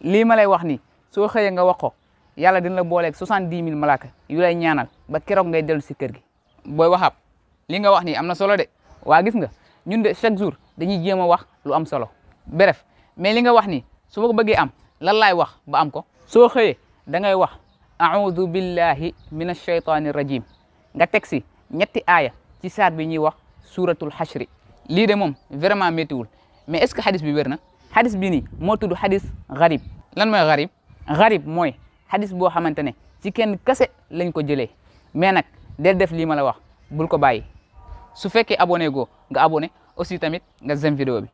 lii ma lay wax nii soo xëyee nga wax ko yàlla dina la booleeg soixante-dix mille malaaka yu lay ñaanal ba keroog ngay dellu si kër gi booy waxaab li nga wax nii am na solo de waa gis nga ñun de chaque jour dañuy jéem a wax lu am solo bref mais li nga wax nii su bëggee am lan laay wax ba soo xëyee da ngay wax a'udhu billahi minash shaytanir rajim nga teg si ñetti aaya ci saar bi ñuy wax suuratul xashri lii de moom vraiment méttiwul mais est-ce que hadis bi wér na xadis bi nii moo tudd xadis garib lan mooy garib garib mooy xadis boo xamante ne ci kenn kese lañ ko jëlee mais nag del def lii ma la wax bul ko bàyyi su fekkee abonné goo nga abonné aussi tamit nga zëm vidéo bi